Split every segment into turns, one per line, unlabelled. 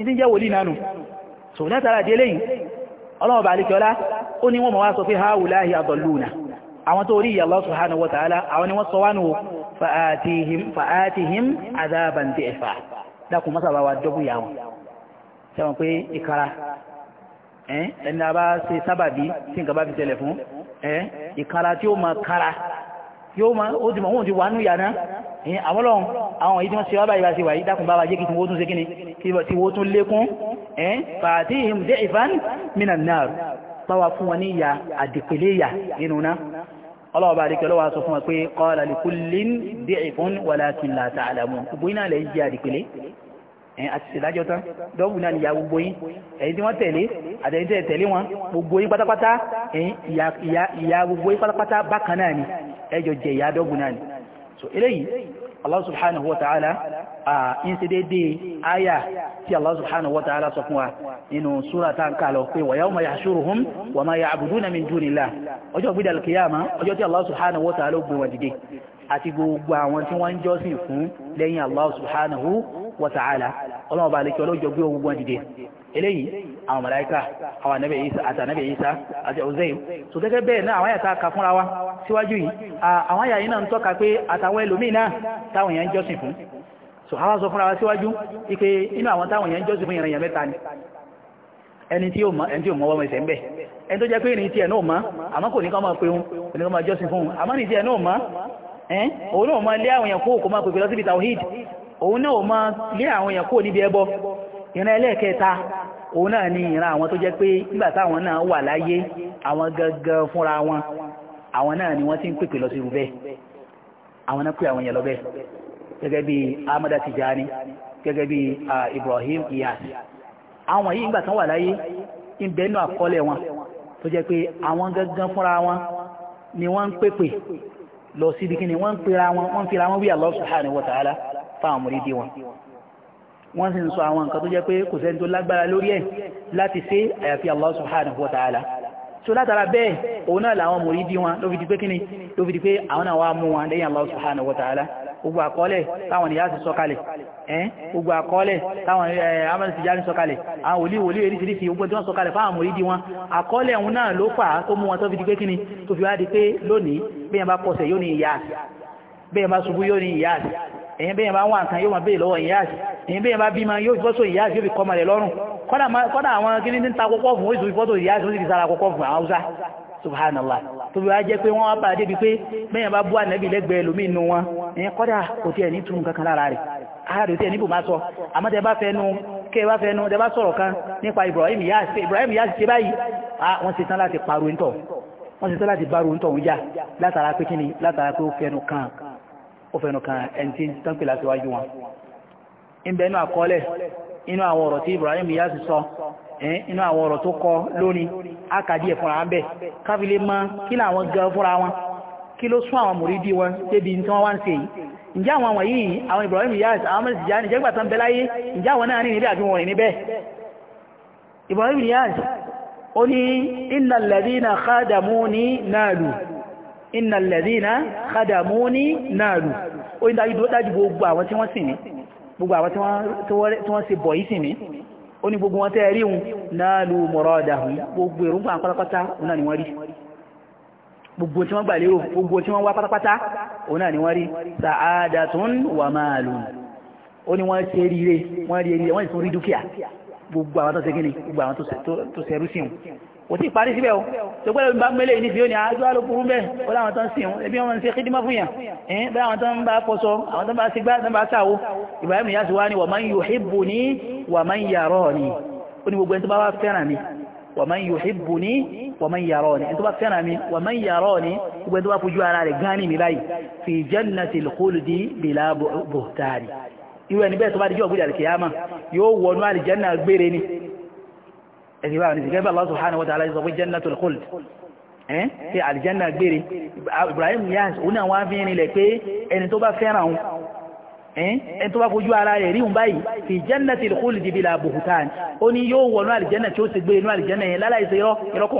ìdí jẹ́ wòlí nánú so látara délé yìí ọlọ́wọ́ bá alikọ́lá ó ní wọ́n mọ̀ wá sọ pé haulahi adalluna àwọn tó rí Allah subhanahu wa ta'ala àwọn ni wọ́n sọ wánu fa'atihim fa'atihim adhaban di'fa dákun mọ́sàbá wa dọ́gbù yà wọn sẹ́wọ̀n pé ìkara ẹni yóò máa ó ti mọ̀ wọ́n ti wà nù yàrá ẹ̀yìn àwọn ọlọ́run àwọn èyí tí wọ́n ṣe wá báyìí bá ṣe wà yìí dákun bá wa jẹ́ kí tí wọ́n tún ṣe kí ni tí wọ́n tún lékún ẹ̀yìn fàtí ìhìn jẹ́ ìfán minan nar báwa fún wọn ní ìyà àdìpẹ̀lẹ̀ ìyà nínú náà ọlọ́ọ̀bá àdìpẹ̀lẹ̀ lọ́wọ́ sọ fún wa pé qala li kullin di'fun walakin ẹjọ jẹ ìyá dọ́gbùn náà ni so eléyìí Allah subhanahu wa ta'ala in ṣe dédé aya tí Allah subhanahu wa ta'ala sọ fún wa nínú súra tá ń kà lọ pé wa yawma yahshuruhum wa ma ya'buduna min dunillah ọjọ́ gbídà al-qiyama ọjọ́ tí Allah subhanahu wa ta'ala dìde àti gbogbo àwọn tí wọ́n ń jọ́sìn fún lẹ́yìn Allah subhanahu wa ọlọ́jọ́ gbé wọn wọn dìde eléyìí àwọn màláíkà àwọn ànábì Ìsá àti ànábì Ìsá àti Uzayr so gẹ́gẹ́ bẹ́ẹ̀ náà àwọn àyàtà ka fúnra wa síwájú yìí àwọn àyà yìí náà ń tọ́ka pé àtàwọn ẹlòmíì náà táwọn èèyàn ń jọ́sìn fún so àwọn sọ fúnra wa síwájú ike inú àwọn táwọn èèyàn ń jọ́sìn fún ìrìnyàn mẹ́ta ni ẹni tí ó mọ ẹni tí ó mọ ọmọ ẹsẹ̀ ń bẹ̀ ẹni tó jẹ́ pé ní tí ẹ̀ náà mọ́ àmọ́ kò ní ká máa pe òun kò ní ká mọ́ ìran ẹlẹ́ẹ̀kẹta òun náà ni ìran àwọn tó jẹ́ pé nígbà táwọn náà wà láyé àwọn gangan fúnra wọn àwọn náà ni wọ́n ti ń pèpè lọ sí irú bẹ́ẹ̀ àwọn náà pè àwọn yẹn lọ bẹ́ẹ̀ gẹ́gẹ́ bí Amada Tijani gẹ́gẹ́ bí Ibrahim Iyas àwọn yìí nígbà tán wà láyé ń bẹ nínú àkọọ́lẹ̀ wọn tó jẹ́ pé àwọn gangan fúnra wọn ni wọ́n ń pèpè lọ sí ibi kí ni wọ́n ń pera wọn wọ́n ń fira wọn wí Allah subhanahu wa ta'ala fáwọn mùrídìí wọn wọ́n sì ń sọ àwọn nǹkan tó jẹ́ pé kò sẹ́ni tó lágbára lórí ẹ̀ láti ṣe àyàfi Allah subhanahu wa ta'ala so látara bẹ́ẹ̀ òun náà làwọn mùrídìí wọn ló fi di pé kíni ló Allah subhanahu wa ta'ala gbogbo àkọọ́lẹ̀ táwọn ìyá ti sọkalẹ̀ ẹ́ gbogbo àkọọ́lẹ̀ táwọn amẹ́rin ti jáde sọkalẹ̀ àwọn wòlíì wòlíì eríṣiríṣi gbogbo tí wọ́n sọkalẹ̀ fáwọn mòrídìí wọn àkọọ́lẹ̀ òun náà ló fà á tó mú wọn tó fi bá pọ̀sẹ̀ yóò ní ìyá bẹ́ẹ̀ èyàn bẹ́yàn bá wà nǹkan yóò máa bèèrè lọ́wọ́ ìyáàṣì èyàn bẹ́yàn bá bímọ yóò fọ́sọ ìyáàṣì yóò fi kọmọ rẹ̀ lọ́rùn kọ́dà àwọn kíní ní ta kọ́kọ́ fún oṣù fọ́sọ ìyáàṣì ó sì fi sára kọ́kọ́ fún àwọn haúsá subhanallah tó bí wá jẹ́ pé wọ́n wá bá débi pé bẹ́yàn bá bú ànẹ́bì lẹ́gbẹ̀ẹ́ lómi inú wọn èyàn kọ́dà kò tiẹ̀ ní túnú kankan lára rẹ̀ ara rẹ̀ tiẹ̀ níbò máa sọ àmọ́ tẹ bá fẹnu kẹ bá fẹnu tẹ bá sọ̀rọ̀ kan nípa Ibrahim Inyas Ibrahim Inyas ṣe báyìí wọ́n ṣe tán láti pariwo ń tọ̀ wọ́n ṣe tán láti bá ro ń tọ̀ ń jà látara pé kíni látara pé ó fẹnu kan ó fẹnu kan ẹni tí láti wájú wọn ìbẹ̀ inú àkọọ́lẹ̀ inú àwọn ọ̀rọ̀ tí Ibrahim Inyas sọ inú àwọn ọ̀rọ̀ tó kọ lónìí ákàdí ẹ̀ fúnra bẹ́ẹ̀ káfílẹ̀ mọ́ kí làwọn gan fúnra wọn kí ló sún àwọn mùrídìí wọn débi tí wọ́n wá ń ṣe yìí ǹjẹ́ àwọn àwọn yìí àwọn Ibrahim Inyas àwọn mẹ́rin ìjà ní jẹ́gbà tán bẹ́láyé ǹjẹ́ àwọn náà ní àbí wọn níbẹ̀ Ibrahim Inyas ó ní innal ladhina khadamuni nalu iná lẹ̀dínà kádàmú ní náàlù ó ní dájú gbogbo àwọn tí wọ́n sì ní gbogbo àwọn tí wọ́n ṣe bọ̀ yìí sì ní ó ní gbogbo wọn tẹ́ rí hun náàlù muradahum gbogbo èròǹgbà pátápátá òun náà ni wọ́n rí gbogbo tí wọ́n gbà lérò gbogbo tí wọ́n wá pátápátá òun náà ni wọ́n rí sa'adatun wa malun ó ní wọ́n ṣe rí ire wọ́n rí ere wọ́n sì tún rí dúkìá gbogbo àwọn tó ṣe kíni gbogbo àwọn tó ṣerú sí hun kò tí parí síbẹ̀ o tó gbọ́dọ̀ bá mẹ́lẹ̀ ní fi ó ní àájú alókùrú mẹ́ ó láwọn tán sí òun ẹbí wọn ṣe kídímọ́ fún yàn ẹ̀yìn bá àwọn tán bá pọ́sọ àwọn tán bá sí gbá tán bá sáwó Ibrahim yá sí wá ní waman yuhibbuni waman yarani ó ní gbogbo ẹni tó bá wá fẹ́ràn mi waman yuhibbuni waman yarani ẹni ní ẹ̀sìn báwọn ìsìnkẹ́ bá Allah subhanahu wa ta'ala sọ pé jannatul khuld ẹ́ ṣe àlìjánná gbére Ibrahim Niass òun náà wá fi rinlẹ̀ pé ẹni tó bá fẹ́ràn òun ẹni tó bá fojú ara rẹ̀ rí òun báyìí fi jannatil khuld bila buhtan ó ní yóò wọnú àlìjánná tí ti gbé inú àlìjánná yẹn láláìsí irọ́ irọ́ kò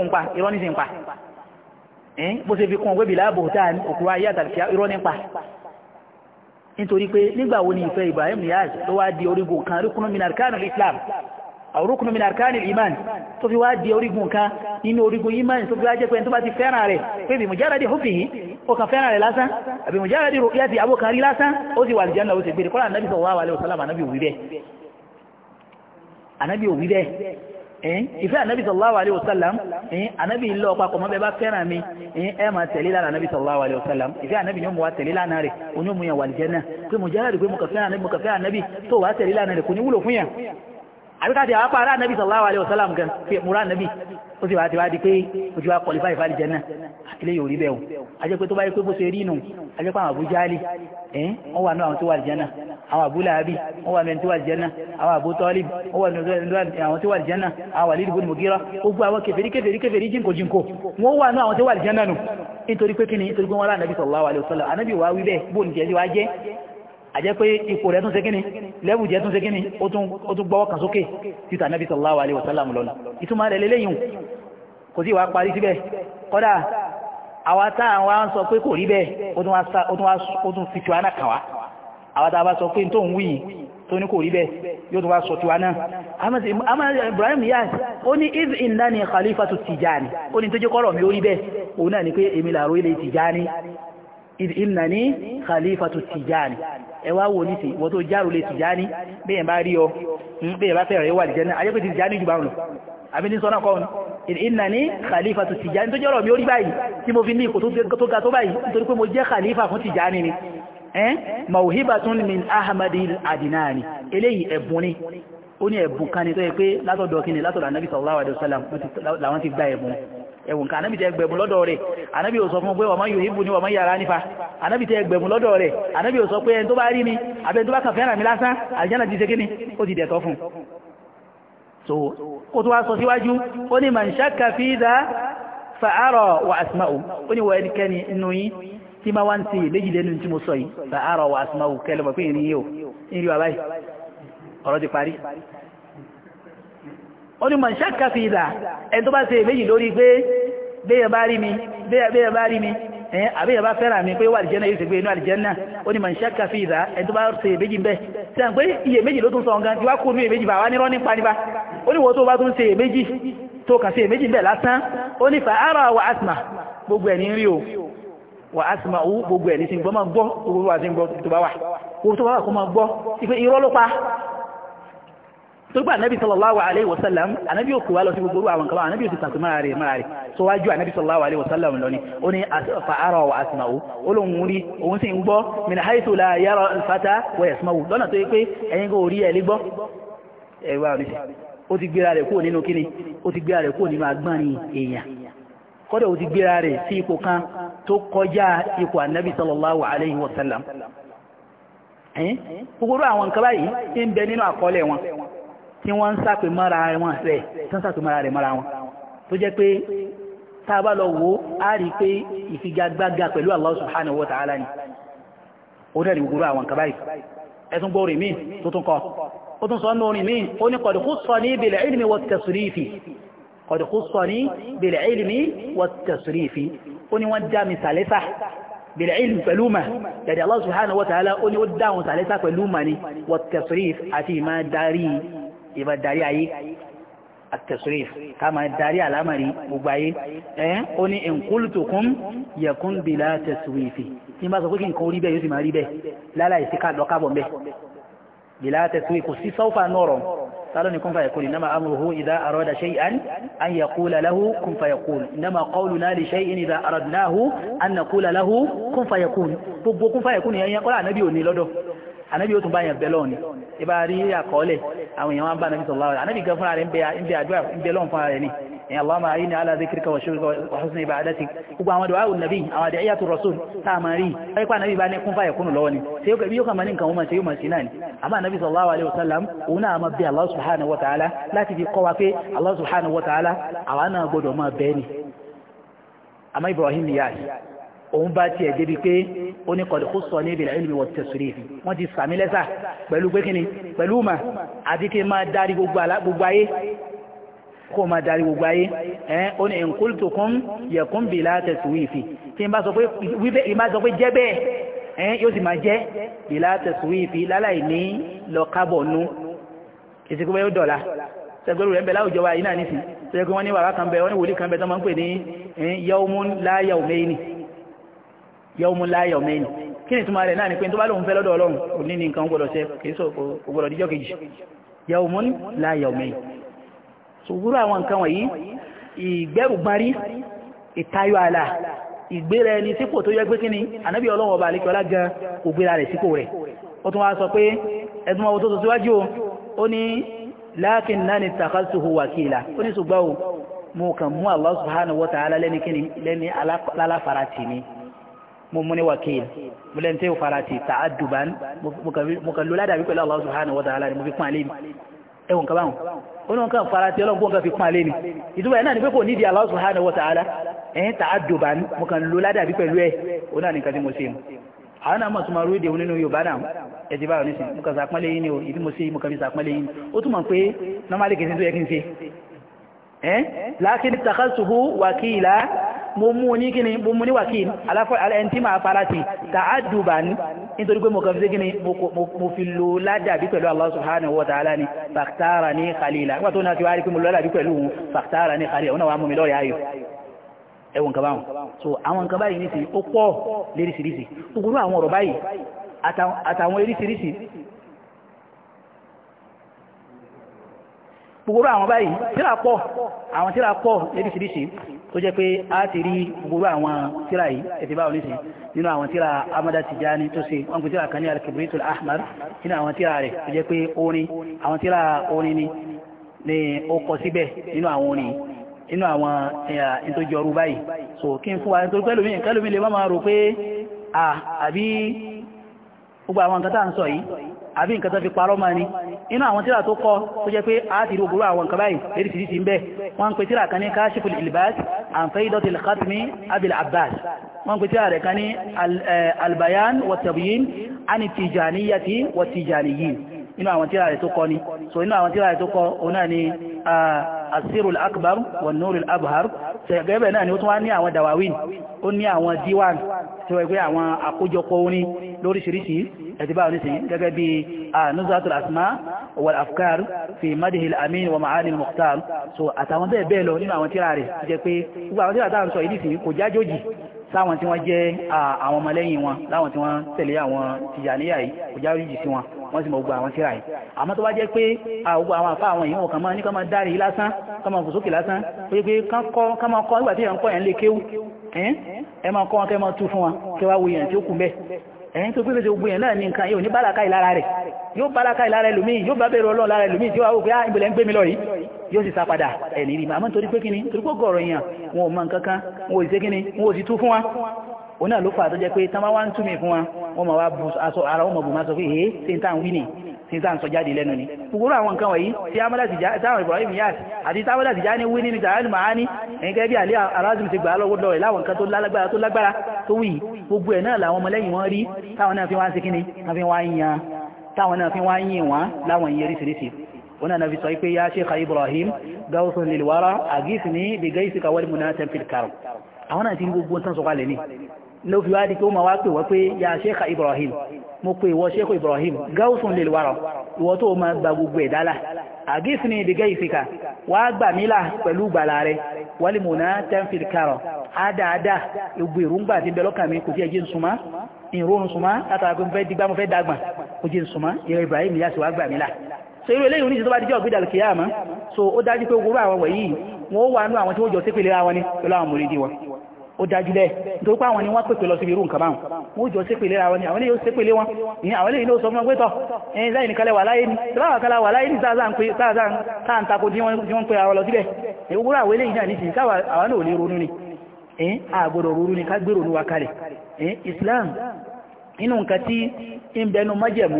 irọ́ ní rúkùnù min arkani iman tó fi wá di orígun kan nínú orígun iman tó fi wá jẹ́ pé tó bá ti fẹ́ràn rẹ̀ pé bí mujaradi hubbihi ó kan fẹ́ràn rẹ̀ lásán àbí mujaradi ru'yati abókan rí lásán ó ti wà ní janna ó ti gbére kọ́lá anábì sallallahu alaihi wasallam anábì òwí bẹ́ẹ̀ anábì òwí bẹ́ẹ̀ ẹ̀yìn ìfẹ́ anábì sallallahu alaihi wasallam ẹ̀yìn anábì lọ papọ̀ mọ́ bẹ bá fẹ́ràn mi ẹ̀yìn ẹ máa tẹ̀lé lánàá anábì sallallahu alaihi wasallam ìfẹ́ anábì ni àbíkájẹ àwápá ará nàbí sallallahu alaihi wasallam gan fi múra nàbí ó sì wá ti wá di pé ojú wa kọlifá ìfàlì jẹ́nà ilé yóò rí bẹ́ẹ̀ o ajẹ́ pé tó bá yẹ pé bó ṣe rí nù ajẹ́ pé àwọn Abu Jali ẹ̀ wọ́n wà ní àwọn tó wà jẹ́nà àwọn Abu Lahabi wọ́n wà ní tó wà jẹ́nà àwọn Abu Talib wọ́n wà ní àwọn tó wà jẹ́nà àwọn àwọn kèfèrí wọ́n wà ní àwọn tó wà jẹ́nà nù nítorí pé kí ni nítorí pé wọ́n rà sallallahu alaihi wasallam ànábì wà wí bẹ́ẹ̀ bóun àjẹ́ pé ipò rẹ̀ tún ṣe kíni lẹ́wù jẹ́ tún ṣe kíni ó tún gbọ́wọ́ kan sókè títà nàbí sallallahu alaihi wasallam lọ́nà ìtumọ̀ rẹ̀ lélẹ́yìn kò sí wàá parí síbẹ̀ kọ́dà àwa tá à ń wá ń sọ pé kò rí bẹ́ẹ̀ ó tún ibrahim yaz ó ní if indani khalifatu tijani ó ní tó jẹ́ ni pé èmi làró tijani ìnàní khalifatu tijani ẹ wá wò nísìn wọ́n tó járò lè tijani bẹ́ẹ̀ bá rí ọ hmm, bẹ́ẹ̀ bá fẹ́rẹ̀ wà lìjẹ́ náà ayẹ́pẹ́ ti tijani jù bá rùn àbí ní sọ́nà kọ́ọ̀nù ìnàní khalifatu tijani tó jọ́rọ̀ mi ó rí báyìí tí mo fi ní ipò tó ga tó báyìí nítorí pé mo jẹ́ khalifa fún tijani ni ẹ́n mawhibatun min ahmadi adinani eléyìí ẹ̀bùn ni ó ní ẹ̀bùn kan ni tó yẹ pé látọ̀dọ̀ kí ni látọ̀dọ̀ anabi sallallahu alaihi làwọn ti gba ẹ̀bùn ẹ̀wùn kan anábì tẹ́ gbẹ̀mù lọ́dọ̀ rẹ̀ anábì ò sọ fún pé wọ́n máa yóò híbù ní wọ́n máa yàrá nípa anábì tẹ́ gbẹ̀mù lọ́dọ̀ rẹ̀ anábì ò sọ pé ẹni tó bá rí mi àbẹ́ tó bá kàn fẹ́ràn mi lásán àlìjánnà ti ṣe kí ni ó ti dẹ̀tọ́ fún so ó tó wá sọ síwájú ó ní man shakka fi dha fa ara wa asma'u ó ní wọ ẹnikẹ́ni inú yín tí máa wá fa ara wa asma'u kẹlẹ́mọ̀ pé ìrìn yìí ò ìrìn ó ní mọ̀ ṣákà fi ìdà ẹni tó bá ṣe méjì lórí pé béèyàn bá rí mi béèyàn bá mi ẹ̀yìn àbíyàn bá fẹ́ràn mi pé wà àlìjẹ́nà yóò ṣe gbé inú àlìjẹ́nà ó ní mọ̀ ṣákà fi ìdà ẹni tó bá ṣe méjì bẹ́ẹ̀ tí a ń pé iye méjì ló tún sọ ọ̀gán tí wá kó nú iye méjì bá wá nírọ́ nípa nípa ó tó bá tún ṣe méjì tó kà ṣe méjì bẹ́ẹ̀ lásán ó fa ara wa asma gbogbo ẹ̀ ní rí o wà á sì máa owó gbogbo ẹ̀ ní sí gbọ́ máa gbọ́ gbogbo wa sí gbọ́ tó bá wà gbogbo tó bá wà kó máa gbọ́ ìpè irọ́ pa torípé anabi sallallahu alayhi wa sallam anabi yóò kúwa lọ sí gbogbo àwọn kan anabi yóò ti tàtó máa rè máa rè síwájú anabi sallallahu alayhi wa sallam lọ ni ó ní fa'ara wa asma'u ó lóun rí òun sì ń gbọ́ min haythu la yara al-fata wa yasma'u lọ́nà tó yẹ pé ẹ̀yin kò rí ẹ̀lí gbọ́ ẹ̀wà oníṣẹ́ ó ti gbéra rẹ̀ kúrò nínú kíni ó ti gbéra rẹ̀ kúrò nínú agbọ́nrin èèyàn kọ́dọ̀ ó ti gbéra rẹ̀ sí ipò kan tó kọjá ipò anabi sallallahu alayhi wa sallam gbogbo àwọn nǹkan báyìí ń bẹ nínú àkọọ́lẹ̀ wọn tí wọ́n ń sàpè mọ́ra wọn rẹ̀ tí wọ́n ń sàpè mọ́ra rẹ̀ mọ́ra wọn tó jẹ́ pé tá a bá lọ wò ó á rí i pé ìfigagbága pẹ̀lú Allah subhanahu wa ta'ala ni ó dẹ̀ rí gbogbo àwọn nǹkan báyìí ẹ̀sùn gbọ́ orin míì tó kọ́ ó tún sọ ní orin míì ó ní qad khussani bil ilmi wat tasrifi qad khussani bil ilmi wat tasrifi ó ní wọ́n dá mi sàlẹ́sà بالعلم فلومة يعني الله سبحانه وتعالى أن يدعون ثلاثة فلومة والتصريف أتي ما داري ìmọ̀ darí ayé àtẹ̀sọ́rẹ́ ká máa darí àlámàrí gbogbo ayé ẹ̀ ó ní ìǹkúlùtòkún yẹ̀kún bìlà tẹ̀sọ́rẹ́ ìfì tí n bá sọ pé kí nǹkan orí bẹ́ẹ̀ yóò sì máa rí bẹ́ẹ̀ láláì sí ká lọ kábọ̀ mbẹ́ bìlà kò sí sọ́fà nọ̀rọ̀ قالوا ان كن أمره إذا أراد شيئا أن يقول له كن فيكون إنما قولنا لشيء إذا أردناه أن نقول له كن فيكون gbogbo kún fàyẹ̀kún ni ẹ̀yẹn kọ́lá ànábì òní lọ́dọ̀ ànábì ó àwọn èèyàn wọn bá nàbí sọ̀rọ̀ láwọn ànábì gan fúnra rẹ̀ ń bẹ àdúrà ń bẹ lọ́n fúnra rẹ̀ ni ẹ̀yìn Allahumma ayini ala dhikrika wa shukrika wa husni ibadatik gbogbo àwọn àdúrà àwọn nàbí àwọn àdúrà yàtọ̀ rasul tá a máa rí wáyé pa nàbí bá ní kún fàyẹ̀ kúnnù lọ́wọ́ ni ṣé yóò yóò kàn máa ní nǹkan wọn ṣe yóò máa ṣe náà ni àmọ́ nàbí sallallahu alaihi wasallam òun náà máa bẹ Allah subhanahu wa láti fi kọ́ wa pé Allah subhanahu wa àwa náà gbọdọ̀ máa bẹ́ẹ̀ ni àmọ́ Ibrahim ni òun bá tiẹ̀ débi pé ó ní kọ̀dí kó sọ níbi ìlànà ìwọ̀ tẹ̀sùrí wọ́n ti sàmì lẹ́sà pẹ̀lú pé kíni pẹ̀lú mà àti kí n máa darí gbogbo ayé kó máa darí gbogbo ayé ẹ̀ ó ní ìǹkúlùtò kún yẹ̀kún bì látẹ̀sùrí ìfì tí n bá sọ pé jẹ́ bẹ́ẹ̀ ẹ̀ yóò sì máa jẹ́ bì látẹ̀sùrí ìfì láláì ní lọ kábọ̀ nú ìsìnkú bẹ́ẹ̀ dọ̀la sẹgbẹrù wa yìí náà nísìnyí sẹgbẹrù wọn ní wàrà kan bẹ wọn ní wòlíì kan bẹ tó máa ń pè ní yawmun yawmun la yawmayn kí ni túnmọ̀ rẹ̀ náà ni pé tó bá lóun fẹ́ lọ́dọ̀ ọlọ́run kò ní ní nǹkan gbọ́dọ̀ ṣe kìí sọ díjọ́ kejì yawmun la yawmayn ṣùgbúrú àwọn nǹkan wọ̀nyí ìgbẹ́rùgbárí ìtayọ àlà ìgbéra ẹni sípò tó yẹ pé ni ànábì ọlọ́run ọba àlekẹ́ ọlá gan kò gbéra rẹ̀ sípò rẹ̀ ó tún wá sọ pé ẹ̀dùn ọwọ́ tó tó síwájú ó ní láàkín náà ni takhasuhu wakila ó mo kàn mú Allah subhanahu wa ta'ala lẹ́ni kí ni lẹ́ni aláfara tì ní mo mú ní wakil mo lẹ́ni tẹ́ ò fara ti ta'adduban mo kàn ló ládàbí pẹ̀lú Allah subhanahu wa ta'ala ni mo fi pọ́n alẹ́ mi ẹwọ̀n kan báwọn ó ní wọn kàn fara ti ọlọ́run kó nǹkan fi pọ́n alẹ́ ni ìdúbà ẹ̀ náà ni pé kò nídìí Allah subhanahu wa ta'ala ẹ̀yìn ta'adduban mo kàn ló ládàbí pẹ̀lú ẹ̀ ó náà nìkan tí mo ṣe mu àwọn náà mọ̀ tó máa rú èdè nínú Yorùbá náà ẹ̀dì báyọ̀ nísìn mo kàn sàpọ́nlé yín ni o ìdí mo ṣe mo kàn fi sàpọ́nlé yín ó túmọ̀ pé normally kìí ṣe tó yẹ kí n ṣe ẹ́ lákìí takasuhu wakila mo mú ní kíni mo mú ní wákìl aláfẹ́n tí máa fara sí tààdùbà ní nítorí pé mo kàn fi kíni mo fi lo ládàbí pẹ̀lú Allah subhanahu wa ta'ala ni fàktàrà ní khalila nígbà tó náà ti wá rí pé mo lọ́dàbí pẹ̀lú òun fàktàrà ní khalila òun náà wà mú mi lọ́rẹ̀ ayò ẹwọ̀n kan gbogbo àwọn báyìí tíra pọ̀ àwọn tíra pọ̀ lóríṣiríṣi tó jẹ́ pé a ti rí gbogbo àwọn tíra yìí ẹ̀tì báwọn níṣẹ́ nínú àwọn tíra Amada Tijani tó ṣe wọ́n pè tíra kan ní al-Kibritul Ahmar nínú àwọn tíra rẹ̀ tó jẹ́ pé orin àwọn tíra orin ni ni ó kọ síbẹ̀ nínú àwọn orin nínú àwọn ẹ̀yà tó jọrú báyìí so kí n fún wa nítorí pẹ́lú mi kẹ́lú mi lè má máa rò pé àbí gbogbo àwọn nǹkan tá à ń sọ yìí àbí nǹkan tó fi parọ́ máa ní inú àwọn tíra tó kọ tó jẹ́ pé a ti rí ògbúrú àwọn nǹkan báyìí lérí ti ti ń bẹ́ wọ́n ń pe tíra kan ní káṣífù ilbas àǹfẹ́ ìdọ́tí lẹ́kàtìmí abil abbas wọ́n ń pe tíra rẹ̀ kan ní eh, albayan watabiyin ani tijaniyati watijaniyin inú àwọn tíra rẹ̀ tó kọ ni so inú àwọn tíra rẹ̀ tó ni ah, asiru al-akbar wa nuru al-abhar gẹ́gẹ́ náà ni ó tún wá ní àwọn dawawin ó ní àwọn diwan tí wọ́n gbé àwọn àkójọpọ̀ orin lóríṣiríṣi ẹ̀tìbá oníṣìí gẹ́gẹ́ bí nuzatul asma wal afkar fi madihil amin wa ma'anin mukhtar so àtàwọn bẹ́ẹ̀ bẹ́ẹ̀ lọ nínú àwọn tíra rẹ̀ jẹ́ pé gbogbo àwọn tíra wọ́n sì mọ̀ gbogbo àwọn tíra yìí àmọ́ tó bá jẹ́ pé gbogbo àwọn àfa àwọn èèyàn kan máa ní ká máa dárí lásán ká máa fòsókè lásán pé pé ká máa kọ́ nígbà tí èèyàn ń kọ́ yẹn lè kéwú ẹ máa kọ́ wọn kẹ́ máa tú fún wa kẹ́ wá wo èèyàn tí ó kù bẹ́ẹ̀ ẹ̀yìn tó gbégbé gbogbo yẹn náà ní nǹkan yóò ní bálàká ìlara rẹ̀ yóò bálàká ìlara ẹlòmíì yóò bá bẹ̀rù ọlọ́run lára ẹlòmíì tí ó wá wò pé á ah, ìbẹ̀lẹ̀ ń gbé mi lọ yìí yóò sì sápadà ẹ̀ní rí mi àmọ́ nítorí pé kíni torí pé gọ̀ọ̀rọ̀ yẹn wọn ò mọ nǹkan kan wọn ò sì kíni wọn ò sì tú fún wa òun náà ló fà tó jẹ́ pé tán wá ń túmí fún wa wọ́n máa wá bu aṣọ ara wọ́n mọ̀ bù máa sọ pé èé tí n táwọn wí tí n táwọn sọ lẹ́nu ni gbogbo àwọn nǹkan wọ̀nyí tí amọ́lá ti já táwọn Ibrahim Niyas àti táwọn ti já ní wí nínú ìjà ní màání ẹ̀ǹkẹ́ bí àlẹ́ Al-Harazim ti gbà á lọ́wọ́ lọ́wọ́ láwọn nǹkan tó lágbára tó lágbára tó wì gbogbo ẹ̀ náà làwọn ọmọlẹ́yìn wọn rí táwọn náà fi wá ń ṣe kíni táwọn náà ya Sheikh Ibrahim gausun lilwara agis ni bi gaisika wal munatan fil karam àwọn náà ti rí gbogbo tán sọ kalẹ̀ ni ló fi wá di pé ó ma wá pè wọ́n pé ya sheikh ibrahim mo pè wọ́n sheikh ibrahim gáúsùn lè wàrọ̀ ìwọ́ tó ma gba gbogbo ẹ̀dálà àgísìn ní ìdígẹ́ ìfìkà wá gbà mílà pẹ̀lú gbàlà rẹ̀ wọ́n lè múná tẹ́ǹfìl karọ̀ ádáadáa ìgbò ìrúngbà ti bẹ lọ́kàn mi kò fi ẹjẹ́ nsúmá ìrún súnmá látara pé mo fẹ́ digbá mo fẹ́ dàgbà kò jẹ́ nsúmá ìrẹ́ ibrahim yá sí wá gbà mílà so irú eléyìí oníṣẹ́ tó bá díjọ́ gbídà kìyàmá so ó dájú pé gbogbo àwọn wọ̀nyí wọ́n wà nú àwọn tí wọ́n jọ sí pèlè ara wọn ni pẹ̀lú àwọn mòrídìí wọn ó dájú bẹ́ẹ̀ nítorí pé àwọn ni wọ́n pèpè lọ síbi irú nǹkan báwọn wọ́n jọ sépèlé ra wọn ni àwọn yóò sépèlé wọn ni àwọn ilé ìlú sọ fún wọn pé tọ ẹyin wà láyé ni tọ́láwà kalẹ̀ wà láyé ní sáàsán pé sáàsán táà ń tako tí wọ́n ń pe ara lọ síbẹ̀ ìwúrọ̀ àwọn eléyìí náà ni ẹ̀yìn àgbọ̀dọ̀ Islam inú nǹkan tí ń bẹnu májẹ̀mú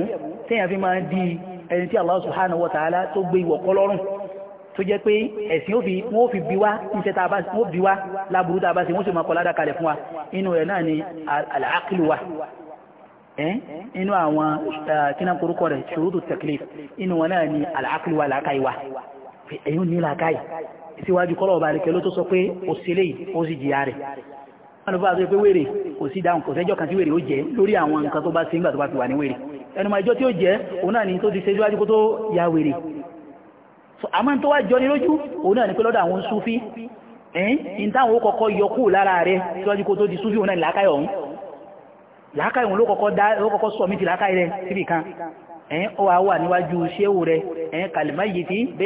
di ẹni Allah subhanahu wa ta'ala tó gbé tó jẹ́ pé ẹ̀sìn ó fi wọ́n fi bí wá iṣẹ́ tá a bá wọ́n bí wá láburú tá a bá ṣe wọ́n sì máa kọ́ ládàá kalẹ̀ fún wa inú rẹ̀ náà ni àlàákìlù wa inú àwọn kíná korúkọ rẹ̀ ṣòrótò taklif inú wọn náà ni àlàákìlù wa làákàyè wa èyí ní làákàyè síwájú kọ́lọ̀ ọba rẹ̀ kẹ́ló tó sọ pé ó ṣẹlẹ̀ yìí ó sì jìyà rẹ̀ wọn lọ bá sọ pé wèrè kò sí dáhùn kò sẹ́jọ́ kan tí wèrè ó jẹ́ lórí àwọn nǹkan tó bá ṣe nígbà tó bá fi wà ní wèrè ẹnu máa jọ tí ó jẹ́ òun náà ni tó ti ṣe síwájú kó tó ya wèrè àmọ́ tó wá jọ ní lójú òun náà ni pé lọ́dọ̀ àwọn súfí ẹ̀yìn ìtàwọn ó kọ́kọ́ yọkú lára rẹ̀ síwájú kó tó di súfí òun náà làákàyọ̀ òun làákàyọ̀ òun ló kọ́kọ́ sọ mí ti làákàyọ̀ rẹ̀ síbì kan ẹ̀yìn ó wà wà níwájú ṣéwù rẹ̀ ẹ̀yìn kàlìmáyìí ti bẹ́ẹ̀